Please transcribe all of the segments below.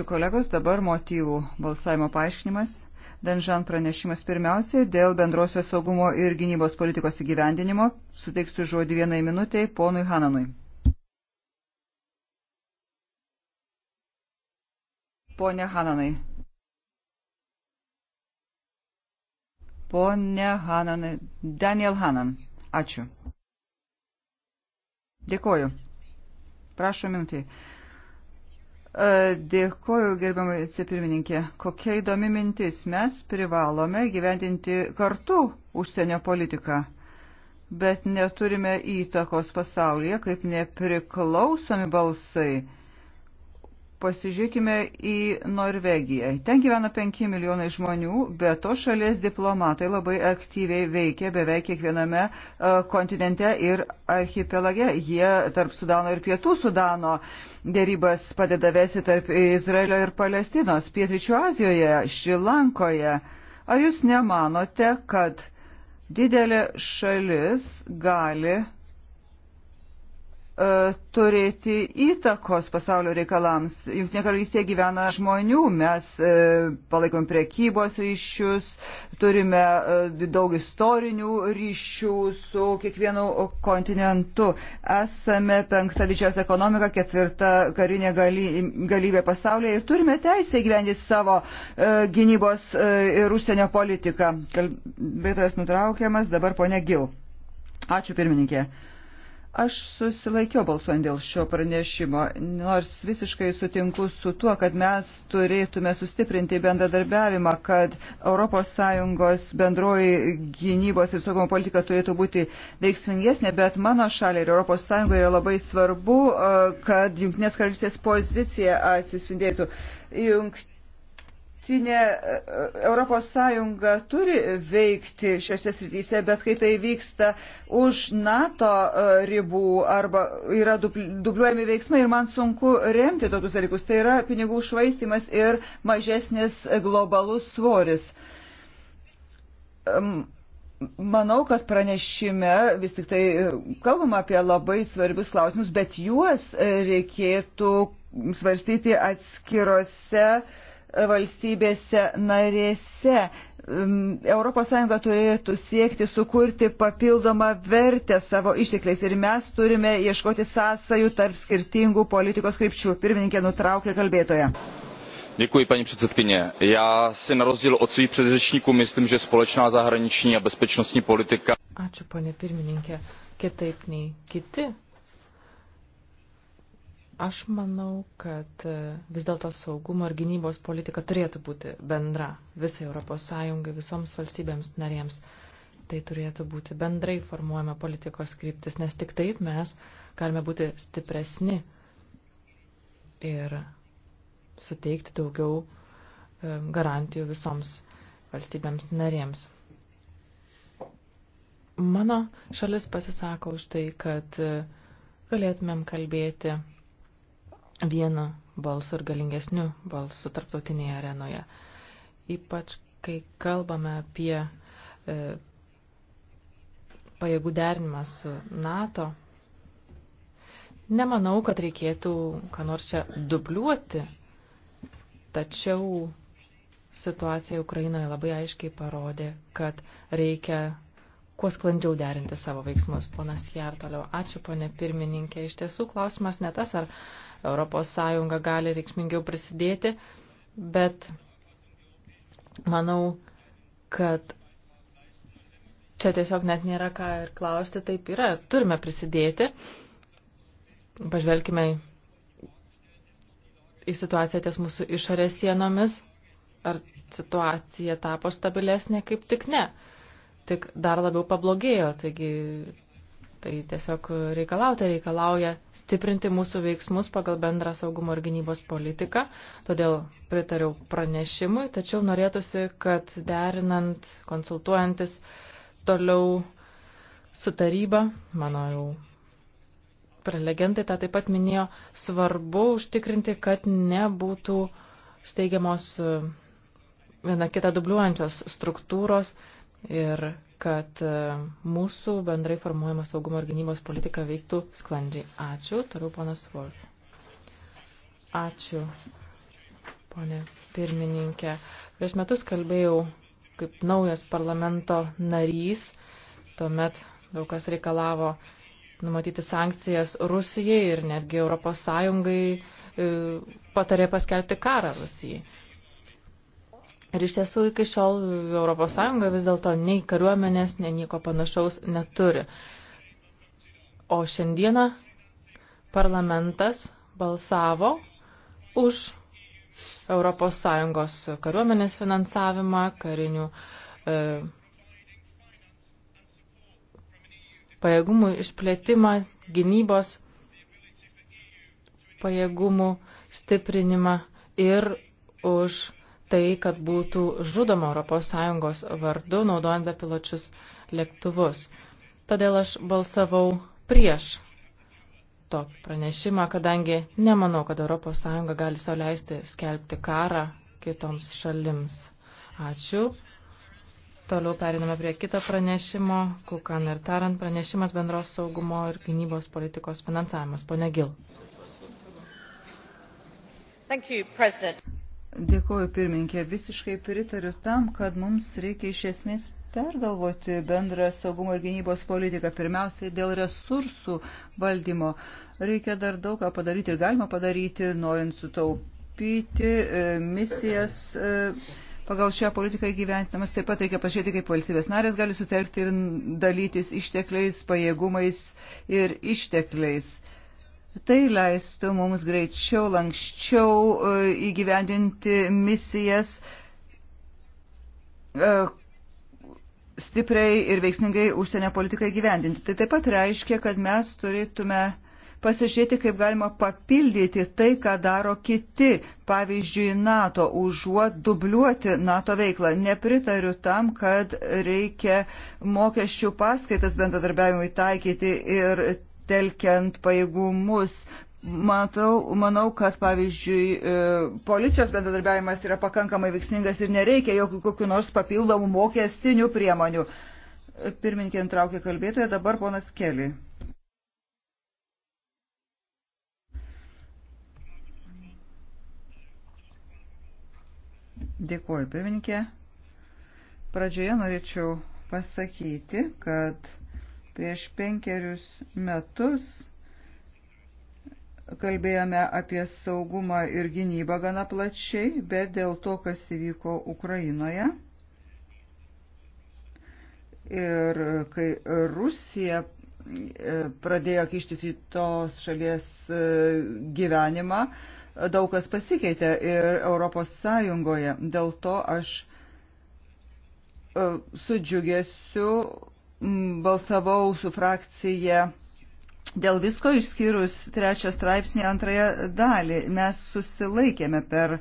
Ačiū kolegos, dabar motyvų balsavimo paaiškinimas. Danžan pranešimas pirmiausiai dėl bendrosios saugumo ir gynybos politikos įgyvendinimo. Suteiksiu žodį vienai minutiai ponui Hananui. Pone Hananai. Pone Hananai. Daniel Hanan. Ačiū. Dėkoju. Prašom minutį. E, Dėkuoju, gerbiamai vicepirmininkė. Kokia įdomi mintis. Mes privalome gyventinti kartu užsienio politiką, bet neturime įtakos pasaulyje kaip nepriklausomi balsai. Pasižiūrėkime į Norvegiją. Ten gyvena 5 milijonai žmonių, bet to šalies diplomatai labai aktyviai veikia beveik kiekviename e, kontinente ir archipelage. Jie tarp Sudano ir Pietų Sudano dėrybas padeda vesti tarp Izraelio ir Palestinos, Pietričių Azijoje, Šrilankoje. Ar jūs nemanote, kad didelė šalis gali E, turėti įtakos pasaulio reikalams. Junktinė karalystė gyvena žmonių, mes e, palaikom priekybos ryšius, turime e, daug istorinių ryšių su kiekvienu kontinentu. Esame penkta didžiausia ekonomika, ketvirta karinė galybė pasaulyje ir turime teisę įgyvendyti savo gynybos ir užsienio politiką. Kalbėtojas nutraukiamas, dabar ponia Gil. Ačiū pirmininkė. Aš susilaikiau balsuojant dėl šio pranešimo, nors visiškai sutinku su tuo, kad mes turėtume sustiprinti bendradarbiavimą, kad ES bendroji gynybos ir saugumo politika turėtų būti veiksmingesnė, bet mano šaliai ir ES yra labai svarbu, uh, kad jungtinės karalystės pozicija atsispindėtų. Jungt Jungtinė e, e, Europos Sąjunga turi veikti šiuose srityse, bet kai tai vyksta už NATO e, ribų arba yra dubliuojami veiksmai ir man sunku remti tokius dalykus, tai yra pinigų švaistimas ir mažesnis globalus svoris. Manau, kad pranešime vis tik tai kalbam apie labai svarbius klausimus, bet juos reikėtų svarstyti atskirose uh, valstybėse narėse. Mm, ES turėtų siekti sukurti papildomą vertę savo ištekliais ir mes turime ieškoti sąsajų tarp skirtingų politikos krypčių. Pirmininkė nutraukė kalbėtoje. Děkuji, paní předsedkyně. Já si na rozdíl od svých předřečníků myslím, že společná zahraniční a bezpečnostní politika. Ačiū, pane pirmininkė. Kitaip nei kiti Aš manau, kad e, vis dėlto saugumo ir gynybos politika turėtų būti bendra visai Europos Sąjungai, visoms valstybėms narėms. Tai turėtų būti bendrai formuojama politikos kryptis, nes tik taip mes galime būti stipresni ir suteikti daugiau e, garantijų visoms valstybėms narėms. Mano šalis pasisako už tai, kad e, galėtumėm kalbėti vienu balsu ir galingesniu balsu tarptautinėje arenoje. Ypač, kai kalbame apie e, pajėgų derinimą su NATO, nemanau, kad reikėtų ką nors čia dubliuoti, tačiau situacija Ukrainoje labai aiškiai parodė, kad reikia kuo sklandžiau derinti savo veiksmus. Ponas Jar toliau. Ačiū, ponė pirmininkė. Iš tiesų klausimas ne tas, ar ES gali reikšmingiau prisidėti, bet manau, kad čia tiesiog net nėra ką ir klausti, taip yra, turime prisidėti. Pažvelkime į situaciją ties mūsų išorės sienomis, ar situacija tapo stabilesnė, kaip tik ne, tik dar labiau pablogėjo, taigi Tai tiesiog reikalauti reikalauja stiprinti mūsų veiksmus pagal bendrą saugumo ir gynybos politiką. Todėl pritariau pranešimui, tačiau norėtųsi, kad derinant, konsultuojantis toliau su taryba, mano jau prelegentai tą taip pat minėjo, svarbu užtikrinti, kad nebūtų steigiamos viena kita dubliuojančios struktūros ir kad e, mūsų bendrai formuojama saugumo ir gynybos politika veiktų sklandžiai. Ačiū. Toliau ponas Wolf. Ačiū, ponė pirmininkė. Prieš metus kalbėjau kaip naujas parlamento narys. Tuomet daug kas reikalavo numatyti sankcijas Rusijai ir netgi Europos Sąjungai e, patarė paskelbti karą Rusijai. Ir iš tiesų iki šiol ES vis dėlto nei kariuomenės, nei nieko panašaus neturi. O šiandieną parlamentas balsavo už ES kariuomenės finansavimą, karinių e, pajėgumų išplėtimą, gynybos pajėgumų stiprinimą ir už tai, kad būtų žudoma ES vardu, naudojant bepiločius lėktuvus. Todėl aš balsavau prieš tokį pranešimą, kadangi nemanau, kad ES gali sauliaisti skelbti karą kitoms šalims. Ačiū. Toliau periname prie kito pranešimo. Kukan ir Tarant pranešimas bendros saugumo ir gynybos politikos finansavimas. Pone Gil. Thank you, President. Dėkuoju pirminkė, visiškai pritariu tam, kad mums reikia iš esmės pergalvoti bendrą saugumo ir gynybos politiką, pirmiausiai dėl resursų valdymo. Reikia dar daug ką padaryti ir galima padaryti, norint sutaupyti e, misijas e, pagal šią politiką įgyventinamas. Taip pat reikia pažiūrėti, kaip valstybės narės gali sutelkti ir dalytis ištekliais, pajėgumais ir ištekliais. Tai leistų mums greičiau, lankščiau e, įgyvendinti misijas e, stipriai ir veiksmingai užsienio politiką įgyvendinti. Tai taip pat reiškia, kad mes turėtume pasižiūrėti, kaip galima papildyti tai, ką daro kiti, pavyzdžiui, NATO, užuot dubliuoti NATO veiklą. Nepritariu tam, kad reikia mokesčių paskaitas bendradarbiavimui taikyti ir pasitelkiant pajėgumus. Matau, manau, kad pavyzdžiui e, policijos bendradarbiavimas yra pakankamai veiksmingas ir nereikia jokių kokių nors papildomų mokestinių priemonių. Pirmininkė traukė kalbėtoją, dabar ponas Keli. Dėkuoju, pirmininkė. Pradžioje norėčiau pasakyti, kad Prieš penkerius metus kalbėjome apie saugumą ir gynybą gana plačiai, bet dėl to, kas įvyko Ukrainoje ir kai Rusija e, pradėjo kištis į tos šalies e, gyvenimą, daug kas pasikeitė ir Europos Sąjungoje. Dėl to aš e, su džiugesiu balsavau su frakcija dėl visko išskyrus trečią straipsnį antrąją dalį. Mes susilaikėme per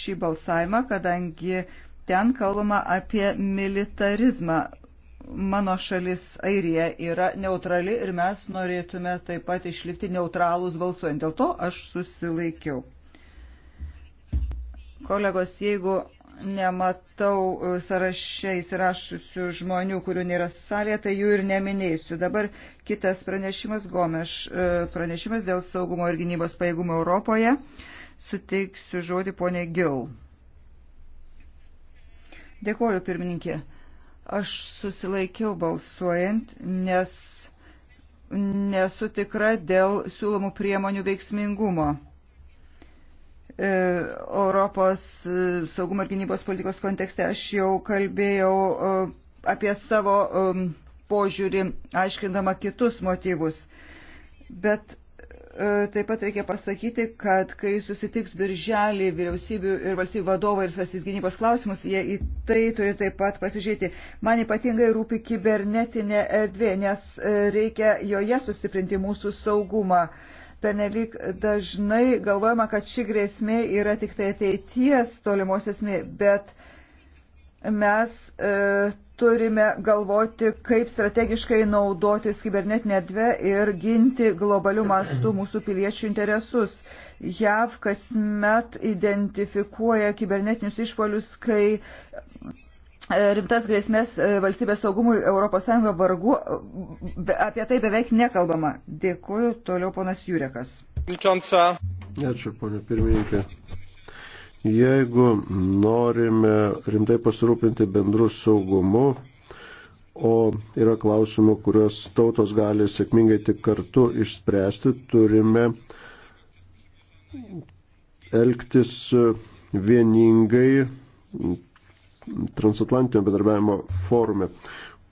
šį balsavimą, kadangi ten kalbama apie militarizmą. Mano šalis Airija yra neutrali ir mes norėtume taip pat išlikti neutralūs balsuojant. Dėl to aš susilaikiau. Kolegos, jeigu nematau e, sąraše įsirašusių žmonių, kurių nėra salėje, tai jų ir neminėsiu. Dabar kitas pranešimas, Gomeš e, pranešimas dėl saugumo ir gynybos pajėgumo Europoje. Suteiksiu žodį ponė Gil. Dėkuoju, pirmininkė. Aš susilaikiau balsuojant, nes nesu tikra dėl siūlomų priemonių veiksmingumo E, Europos e, saugumo ir gynybos politikos kontekste. Aš jau kalbėjau e, apie savo požiūrį, aiškindama kitus motyvus. Bet taip pat reikia pasakyti, kad kai susitiks birželį vyriausybių ir valstybių vadovai ir svarstys gynybos klausimus, jie į tai turi taip pat pasižiūrėti. Man ypatingai rūpi kibernetinė erdvė, nes reikia joje sustiprinti mūsų saugumą penelik dažnai galvojama, kad ši grėsmė yra tik tai ateities tolimos esmė, bet mes e, turime galvoti, kaip strategiškai naudotis kibernetinę erdvę ir ginti globalių mastų mūsų piliečių interesus. JAV kasmet identifikuoja kibernetinius išpolius, kai rimtas grėsmės e, valstybės saugumui ES vargu, apie tai beveik nekalbama. Dėkuoju, toliau ponas Jurekas. Ačiū, ponė pirmininkė. Jeigu norime rimtai pasirūpinti bendrų saugumu, o yra klausimų, kuriuos tautos gali sėkmingai tik kartu išspręsti, turime elgtis vieningai transatlantinio bedarbiavimo forume,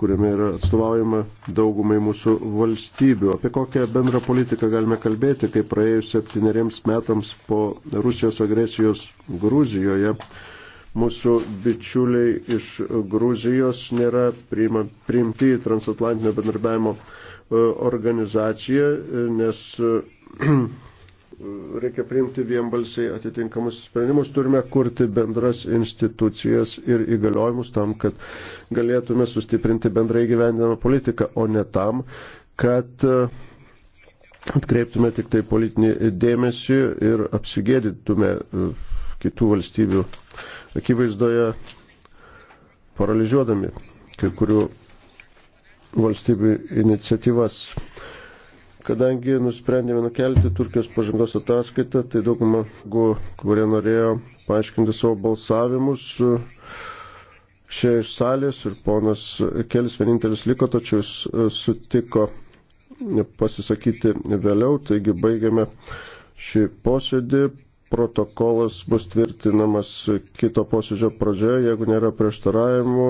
kuriame yra atstovaujama daugumai mūsų valstybių. Apie kokią bendrą politiką galime kalbėti, kai praėjus septyneriems metams po Rusijos agresijos Gruzijoje mūsų bičiuliai iš Gruzijos nėra priima, priimti į transatlantinio bendarbiavimo e, organizaciją, nes reikia priimti vienbalsiai atitinkamus sprendimus, turime kurti bendras institucijas ir įgaliojimus tam, kad galėtume sustiprinti bendrai gyvendinamą politiką, o ne tam, kad e, atkreiptume tik tai politinį dėmesį ir apsigėdytume e, kitų valstybių akivaizdoje paralyžiuodami kai kurių valstybių iniciatyvas. Kadangi nusprendėme nukelti Turkijos pažangos ataskaitą, tai dauguma, kurie norėjo paaiškinti savo balsavimus, e, šie iš salės ir ponas Kelis vienintelis liko, tačiau jis e, sutiko pasisakyti vėliau, taigi baigiame šį posėdį. Protokolas bus tvirtinamas kito posėdžio pradžioje, jeigu nėra prieštaravimų.